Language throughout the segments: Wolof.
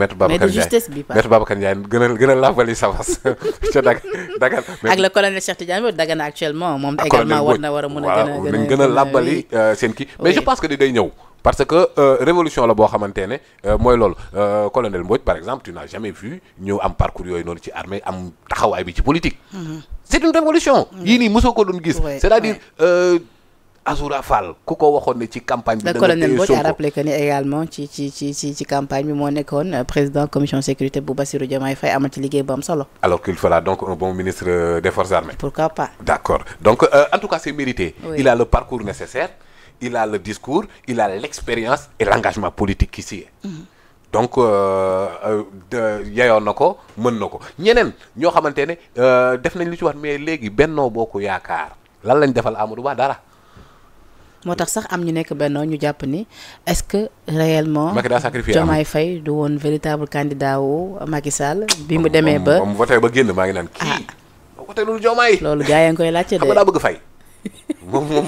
maître Babacar Ndiaye mais de justesse bi maître Babacar Ndiaye gën a a Dagana actuellement moom ah, également war na war a a a euh, seen kii mais je pense que day ñëw. parce que euh, révolution la boo xamante euh, mooy loolu colonel Mbodj par exemple tu n'as jamais vu ñëw am parcours yooyu noonu ci armée am taxawaay bi ci politique. Mm-hmm. c'est une révolution mm-hmm. yii nii mosoo ko doon gis. c'est-à-dire. Azoura Fall ku ko waxoon ne ci campagne bi. da colonel Mbodj a rappelé que ni également ci ci campagne bi moo nekkoon président commission sécurité bu Bassirou Diomaye Faye amal ci liggéey bu am solo. alors qu'il fera donc un bon ministre des forces armées. pourquoi pas. d'accord donc euh, en tout cas c'est mérité. Oui. il a le parcours nécessaire. il a le discours il a l'expérience et l'engagement politique qui s'y est. Mhm. donc euh, euh, yeyoon na ko mën na ko ñeneen ñoo xamante ne euh, def nañ lu ci war mais léegi Benno Bokk Yaakaar lan lañ defal Amadou dara. moo tax sax am ñu nekk bennoo ñu jàpp ni est-ce que réellement Diomaye Faye du woon véritable candidat wu Macky Sall bi mu demee ba mu voté ba génn maa ngi naan kii moo ah. voté lul Diomaye loolu gars laajte de xam nga daa bëgg fay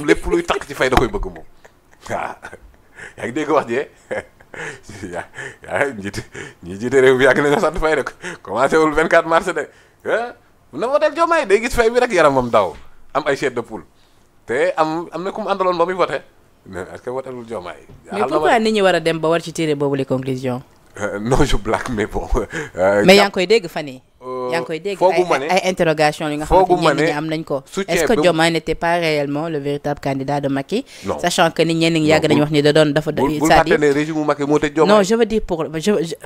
lépp luy takk ci fay da koy bëgg moom waaw ah. yaa ngi réew bi yàgg nañoo sant fay rek commencé wul 24 mars de ah. na voté Diomaye day gis fay bi rek yaram moom daw am ay chef de poule te am am na ku mu àndaloon ba muy voté mais est-ce que votelul Diomaye. mais ñi war a dem ba war ci tirer boobu les conclusions. Euh, non je blague mais bon. Euh, mais yaa ngi koy dégg fan yi Euh, yaa ngi koy dégg ay ay interrogation li nga xamante ne ñi am nañ ko. est-ce que n'était pas réellement le véritable candidat de Macky. sachant que ni ñenn yàgg nañu wax ni da doon dafa. c'est-à-dire bul régime Macky moo tëj Diomaye. non je veux dire pour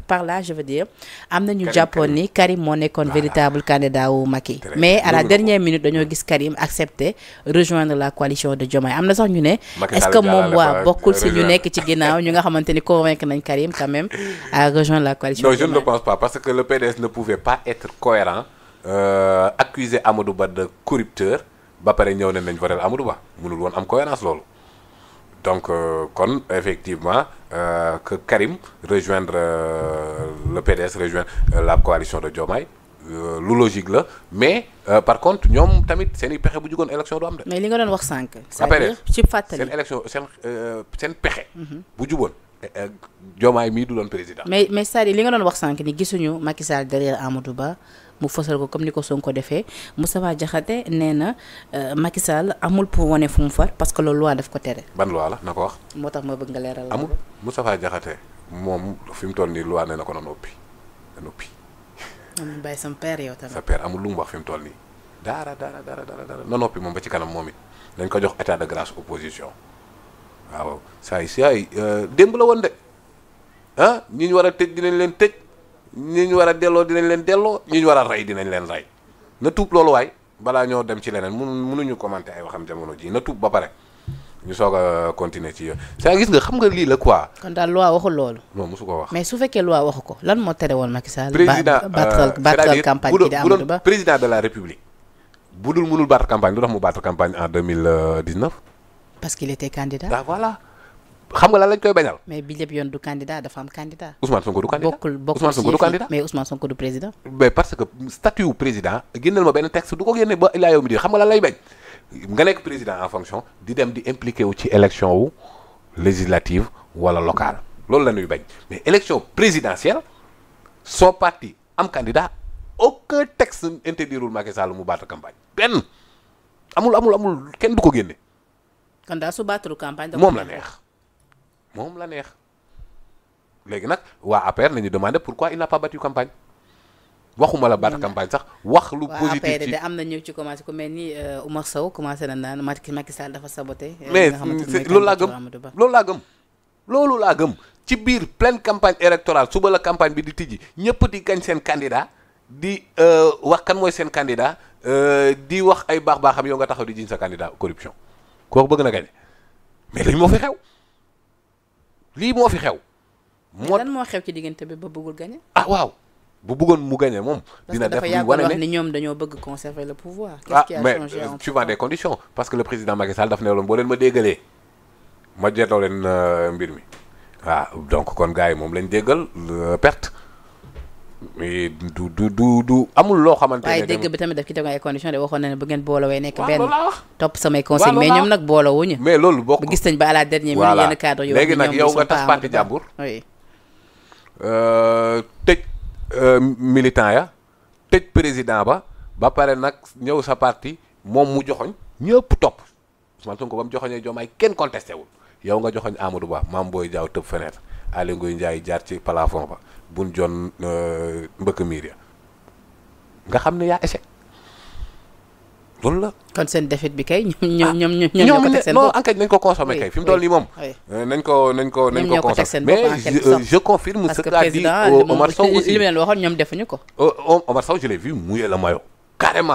par là je veux dire am na ñu jàppoon ni Karim moo nekkoon véritable candidat wu Macky. mais à la dernière minute dañoo gis Karim accepter rejoindre la coalition de Diomaye am na sax ñu ne. est que moom waa être cohérent euh, accuser Amadou Ba de corrupteur ba pare ñëw ne nañ voter Amadou Ba mënul woon am cohérence loolu donc euh, kon effectivement euh, que Karim rejoindre euh, le PDS rejoindre euh, la coalition de Diomaye lu logique la mais par contre ñoom tamit seen i pexe bu jugoon élection du am de. mais li nga doon wax sànq. c'est-à-dire ci fàttali seen seen pexe. Mhm. bu juboon. Diomaye mii du doon président. mais mais cest à li nga doon wax sànq ni gisuñu Macky Sall derrière Ba mu fësal comme ni ko Sonko defee Moustapha Diakhaté nee na euh, Macky Sall amul pour wane fu mu far parce que loolu loi daf ko tere. ban loi la na ko wax. moo tax ma bëgg nga leeral. amul Moustapha Diakhaté moom fi mu toll nii loi nee na ko na noppi na noppi. amul bàyyi sam père yow tamit. sa père amul lu mu wax fi mu toll nii. dara dara dara na noppi moom ba ci kanam moom it dañ ko jox état de grâce opposition. waaw saa saay euh, démb la woon de ah ñi ñu war a tëj dinañ leen tëj ñi ñu war a delloo dinañ leen delloo ñi ñu war a rey dinañ leen rey na tuub loolu waay balaa ñoo dem ci leneen mun mënuñu commenter ay waxam jamono ji na tuub ba pare ñu soog a continuer ci yooyu saa gis nga xam nga lii la quoi. kon daal loi waxul loolu. non mosu ko wax mais su fekkee loi waxu ko lan moo tere woon Macky Sall. président euh, battal campagne bi di Amadou Ba président de la république. bu dul mënul battre campagne lu tax mu campagne en deux euh, parce qu'il était candidat. ah voilà xam nga lan lañ koy bañal. mais bi lépp yoon du candidat dafa am candidat. Ousmane Sonko du candidat bokkul bokkul Ousmane Sonko du candidat mais Ousmane Sonko du président. mais parce que statut président génneel ma benn texte du ko génne ba ilaa yow di dem di impliqué wu ci élection wu législative wala locale loolu la ñuy bañ mais élection présidentielle son parti am candidat aucun texte interdirul Macky Sall mu baata campagne benn amul amul amul kenn du ko génne. kan su baataru campagne. moom la neex moom la neex. léegi nag waa APR nañu demandé pourquoi il n'a pas battu campagne waxuma la battre mm. campagne sax wax lu positif ci am na ñëw ci commencé ku mel ni euh, Oumar Sow commencé na naan Macky Sall dafa saboté euh, mais loolu laa gëm loolu laa gëm loolu laa gëm ci biir pleine campagne électorale suba la campagne bi di tijji ñëpp di gañ seen candidat di euh, wax kan mooy seen candidat di wax ay baax baaxam yow nga taxaw di jiñ sa candidat corruption kooku bëgg na gañe mais lii moo fi xew lii moo fi xew. moo lan moo xew ci diggante bi ba bëggul gañe. ah waaw bu bëggoon mu gañe moom. dina def li wane ne wax ni ñoom dañoo bëgg conserver le pouvoir. qu'est-ce ah, qui a changé euh, parce que le président Macky Sall daf boo leen ma déggalee ma jetloo leen euh, mbir mi waaw ah, donc kon gars yi moom lañ déggal euh, perte. mais du du du du amul loo xamante ne. waaye dégg bi tamit daf ci teg ay condition de waxoon na ne bu ngeen boolowee nekk benn. topp samay conseil mais ñoom nag boolowuñu. mais loolu bokk gis nañ ba à la dernière minute yenn cadre yoo léegi nag yow nga tas parti euh, tëj euh, militant ya tëj président ba ba pare nag ñëw sa parti moom mu joxoñ ñëpp topp Ousmane Sonko ba mu joxoñee Diomaye kenn contesté wul yow nga joxoñ Amadou Ba Mame Boye Diaw tëb fenêtre. Aly Ngoye Ndiaye jaar ci plafond ba bun jon euh, mbëkk miir ya nga xam ne yaa échec loolu la. kon seen défaite bi kay ñoom ñoom ah, ñoom ñoo ko teg nañ ko consommé kay fi mu nii moom. Euh, nañ ko nañ ko nañ ko consommé mais je euh, je confirme ce qu'a dit Omar Sow aussi li ma leen waxoon ñoom defuñu ko. Omar Sow je l'ai vu mouiller le maillot. carrément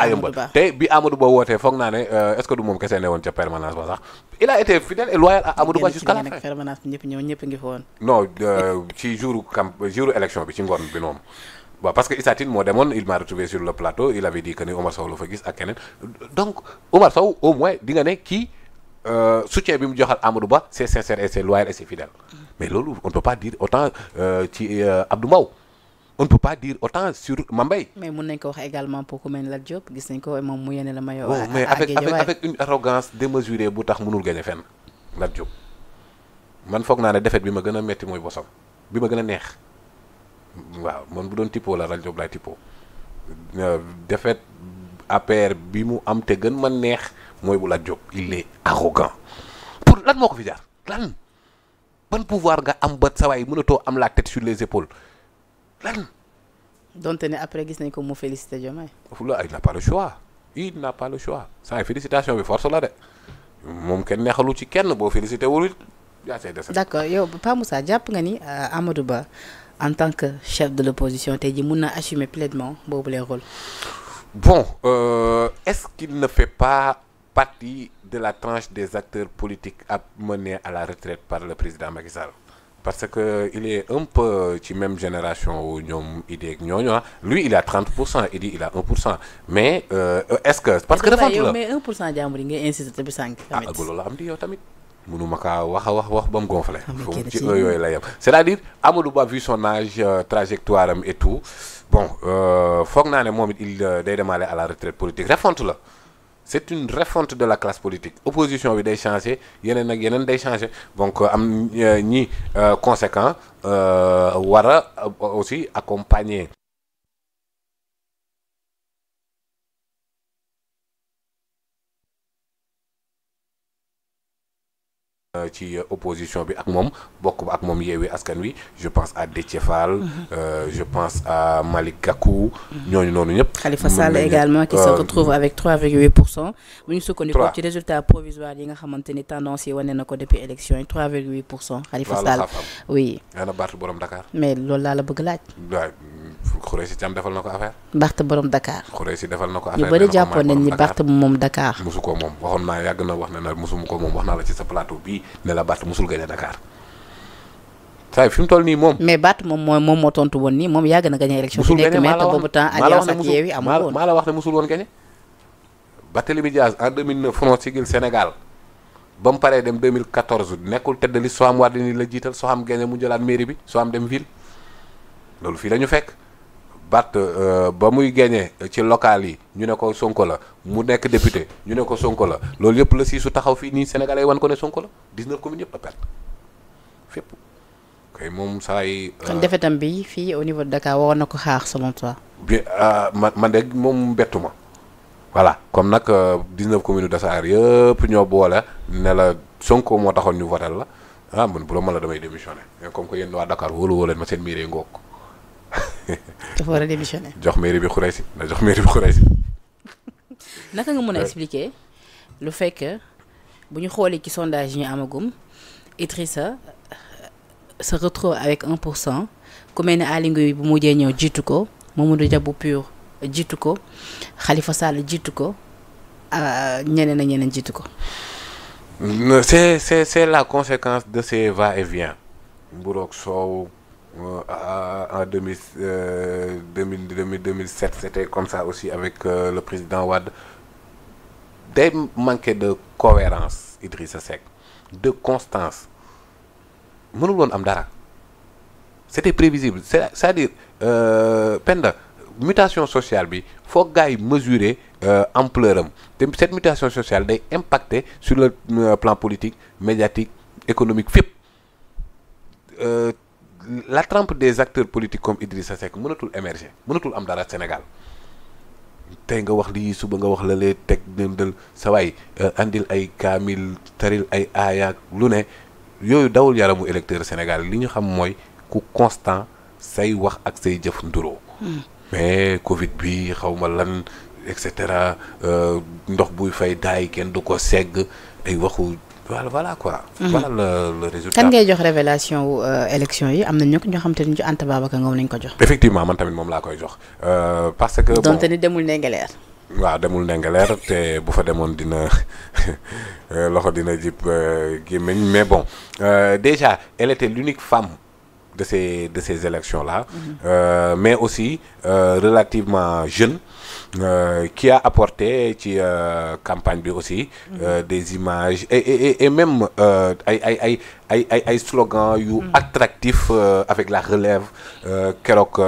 à Yeumbeul te bi Amadou Ba foog naa ne euh, est-ce que du moom kese ne woon ca permanence ba sax il a été fidèle et loyal à Amadou Ba jusqu'à la fin permanence bi ñëpp ñëw ñëpp euh, bi ci ngoon bi moom waaw parce que Issa sur le plateau il avait dit que ni Omar Sow la fa gis ak keneen donc Omar Sow au moins di nga ne kii euh, soutien bi mu joxal Amadou Ba c'est sincère et c'est loyal et c'est fidèle mais loolu on ne peut pas dire autant ci Abdou Mbow on ne peut pas dire autant sur Mambay. mais mun nañ ko wax également pour ku mel ni Lat Diop gis nañ ko moom mu yéene la maillot. à mais avec avec bu tax mënul gagné fenn Lat Diop. man foog naa ne défaite bi ma gën a métti mooy bi ma gën a neex waaw man bu doon tippoo la Lat Diop laay tippoo euh, bi mu am te gën ma neex mooy bu Lat Diop il est arrogant pour lan moo ko fi jaar lan ban pouvoir nga am ba sa waay mënatoo am la tête sur les épaules. lan. donte ne après gis nañ ko mu félicité Diomaye. wula il n'a pas le choix il n'a pas le choix sans félicitation bi force la de moom kenn neexalu ci kenn boo félicité wul yaa say des. d'accord yow Pa Moussa jàpp nga ni euh, Amadou Ba en tant que chef de l'opposition tey jii mun na assumer pleinement boobu les rôles. bon euh, est-ce qu'il ne fait pas partie de la tranche des acteurs politiques amenés à la retraite par le président Macky parce que il est un peu ci même génération wu ñoom Idy ak ñooñu ah il a 30 pour cent Idy il a 1 pour cent mais euh, est-ce que. parce que dafa yow mais pour cent jàmbur yi ngay insister bi sànq. Ah, tamit ah loolu am di yow tamit. mënuma kaa wax a wax wax ba mu gonflé. foofu ci yooyu la yem. c'est-à-dire Amadou Ba vu son âge euh, trajectoire am et tout bon euh, foog naa ne moom it il euh, day demander à la retraite politique refonte la. c'est une réfonte de la classe politique opposition bi day changer yeneen ak yeneen day changer donc euh, am euh, ñi euh, conséquent war a aussi accompagner ci opposition bi ak moom bokk ak moom yeewee askan wi je pense à Déthié mhm. euh, je pense à Malick Gakou. Mhm. ñooñu noonu ñëpp. Khalifa Sall également qui se euh, retrouve avec 3,8 pour cent. bu ci résultat provisoire yi nga xamante ni tendance yi wane na ko depuis élection yi 3,8 pour cent. Khalifa mais loolu laa la bëgg laaj. xuree si tam defal na ko affaire. Barth borom Dakar. xuree si defal na ko affaire ñu bëri jàppoon nañ ni Barth moom Dakar. musu ko moom waxoon naa yàgg na wax ne na musu mu ko moom wax naa la ci sa plateau bii ne la Barth musul gagné Dakar saa fi mu toll nii moom. mais Barth moom moo tontu woon nii moom yàgg na gagné élection. musul gagné maa la wax boobu temps alliance ak yeewi amul woon maa la wax ne musul woon gagné. Barthélémy Diaz en 2009 Front Siggil Sénégal ba mu paree dem nekkul tedd li Soham bi Soham dem ville loolu fii ñu fekk Bart euh, ba muy gagné ci local yi ñu ne ko Sonko la mu nekk député ñu ne ko Sonko la loolu yëpp la si su taxaw fii nii Sénégalais yi wan ko ne Sonko la 19 communes yëpp la per fépp. kay moom saa yi. Euh, bi fii au niveau de Dakar na ko xaar selon toi. bi euh, man man de moom bettu ma voilà comme nag 19 communes Dakar yëpp ñoo boole ne la Sonko moo taxoon ñu voté la ah man bu la la damay démissionné mais comme que yéen waa Dakar wóolu wóoleen ma seen miiree ngoog. dafa war a démissionner. jox mairie bi Khouraysi na jox mairie bi Khouraysi. naka nga mën a expliquer lu fekk bu ñu xoolee ci sondage yi ñu amagum Idrissa euh, se retrouve avec 1 pour cent ku mel ni Aly Ngouille bu mujjee ñëw jiitu ko Mamadou Dia bu PUR jiitu ko xalifa Sall jiitu ko euh, ñeneen ak ñeneen jiitu ko. c'est c'est c'est la conséquence de ces va-et-vient mburoog soow. Euh, en 2000, euh, 2000, 2000, 2007, c'était comme ça aussi avec euh, le président Ouad. Des manquait de cohérence, Idrissa Seck, de constance. C'était prévisible. C'est-à-dire, euh, Penda, mutation sociale, il faut que mesurer l'ampleur. Euh, cette mutation sociale est impactée sur le euh, plan politique, médiatique, économique. FIP. la trempe des acteurs politiques comme Idrissa Seck mënatul émerger mënatul am dara Sénégal tey nga wax lii suba nga wax la lee teg dëndal sa waay euh, andil ay kaamil taril ay aayaak lu ne yooyu dawul yaramu électeur Sénégal li ñu xam mooy ku constant say wax ak say jëf nduroo hmm. mais Covid bi xaw ma lan et cetera euh, ndox buy fay daay kenn du ko segg ay waxu voilà voilà quoi. Mhm. voilà kan ngay jox révélation wu euh, élection yi am na ñoo xam te ni ñu Anta Babacar Ngom lañ ko jox. effectivement man tamit moom laa koy jox euh, parce que. donte ni demul Ndingler. waaw demul Ndingler te bu fa demoon dina euh, loxo dina jib gémmiñ mais bon euh, déjà éléte était l'unique femme. de ces de ces élections là. Mhm. mais aussi euh, relativement jeune. Euh, qui a apporté ci euh, campagne bi aussi euh, mhm. des images et et et euh, ay ay ay ay ay ay slogan yu mm. attractif euh, avec la relève euh, keroog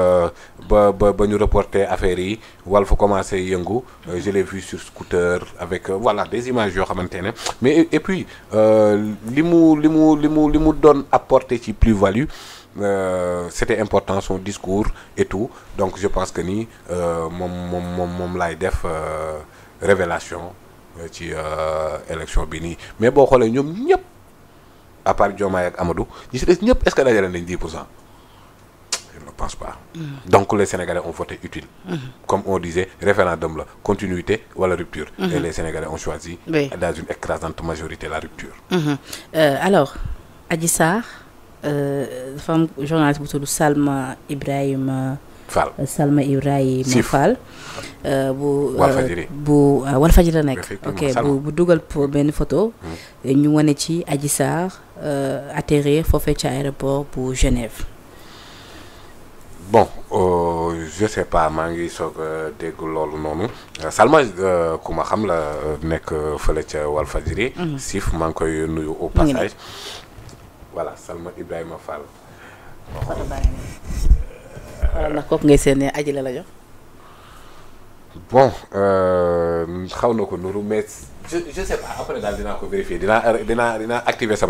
ba ba ba ñu reporter affaire yi wala fa commencé yëngu mhm. je l'ai vu sur scooter avec voilà des images yoo xamante ne mais et, et puis li mu li mu li mu li mu doon apporté ci plus-value euh, c'était important son discours et tout donc je pense que nii euh, moom moom moom moom laay def euh, révélation euh, ci élection bi nii mais boo xoolee ñoom ñëpp à part Diomaye ak Amadou ñi si des ñëpp est-ce que dajale nañ 10 pour cent mm. donc les Sénégalais on voté utile. Mm-hmm. comme on disait référendum la continuité wala rupture. Mmh. et les Sénégalais dans une écrasante majorité la rupture. Mm-hmm. alors Adji Sarr. dafa euh, am journaliste bu tudd Salma Ibrahima. Fall euh, Salma Ibrahima Fall. Euh, bu bu Walfadjri la nekk. bu bu dugal pour benn photo. Hmm. ñu wane ci Adji Sarr atterrir foofee ci aéroport bu Genève. bon je sais pas maa ngi soog dégg loolu noonu Salma ku xam la nekk fële ca Walfadjri. Hmm. Sif maa ngi koy nuyu au passage. voilà Salma Ibrahima Fall. foto baa euh, ngay seen ne aji bon euh, xaw na ko nuru mais je je sais pas après daal dinaa ko vérifier dinaa dinaa dinaa activer sama.